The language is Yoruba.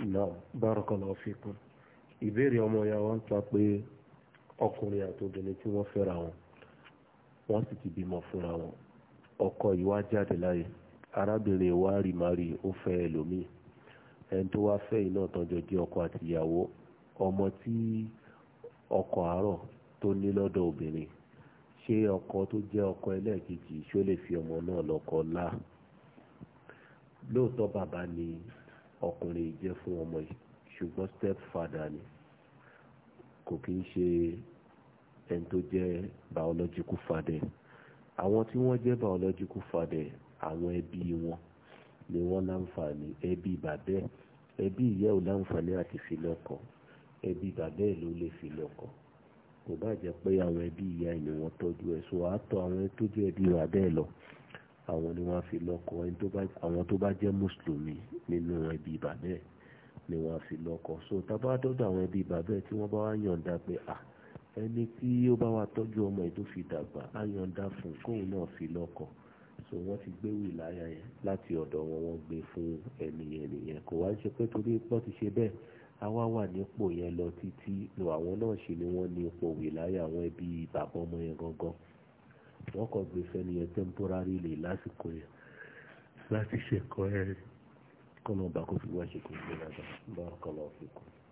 náà barakallahu fikum ìbéèrè ọmọ ìyá wa ń ta pé ọkùnrin àti obìnrin tí wọ́n fẹ́ra wọn wọ́n sì ti bímọ fúnra wọn ọkọ yìí wá jáde láyé arábìnrin wa rí mari ó fẹ́ ẹlòmíì ẹni tó wá fẹ́ iná tọ́jọ́ jẹ́ ọkọ àti ìyàwó ọmọ tí ọkọ àárọ̀ tó ní lọ́dọ̀ obìnrin ṣé ọkọ tó jẹ́ ọkọ ẹlẹ́ẹ̀kejì ṣó lè fi ọmọ náà lọ́kọ lá lóòótọ́ bàbá ni ọkùnrin jẹ́ fún ọmọ yìí ṣùgbọ́n step father ni kò kí ń ṣe ẹni tó jẹ́ biological father àwọn tí wọ́n jẹ́ biological father àwọn ẹbí wọn ni wọ́n láǹfààní ẹbí bàbẹ́ ẹbí ìyá ò láǹfààní àti filọ́kọ ẹbí bàbẹ́ ló lè filọ́kọ kò bá jẹ́ pé àwọn ẹbí ìyá ẹ̀ ni wọ́n tọ́jú ẹ̀ so àtọ̀ àwọn tó jẹ́ ẹbí bàbẹ́ lọ àwọn ni wọ́n fi lọ́kọ àwọn tó bá jẹ́ mùsùlùmí nínú ẹbí bàbá ẹ̀ ni wọ́n fi lọ́kọ so tábà dọ́dọ̀ àwọn ẹbí bàbá ẹ̀ tí wọ́n bá wá yọ̀ǹda pé à ẹni tí ó bá wa tọ́jú ọmọ ẹ̀ tó fi dàgbà á yọ̀ǹda fún kóun náà fi lọ́kọ so wọ́n ti gbé wìláyà yẹn láti ọ̀dọ̀ wọn wọ́n gbé fún ẹni ẹnìyẹn kò wá ṣe pé torí pọ́ ti ṣe bẹ́ẹ̀ àwa wà nípò yẹn lọ títí lo àwọn náà ṣe ni wọ́n ní ipò wìláyà àwọn ẹbí bàbá ọmọ yẹn gangan wọ́n kọ̀ gbé fẹ́ni yẹn temporary lè lásìkò yẹn láti ṣèkọ́ ẹ̀ kọ́nà ọba kó fi wá ṣe kó gbé lágbà bá ọkọ̀ lọ́ọ́ fi kù.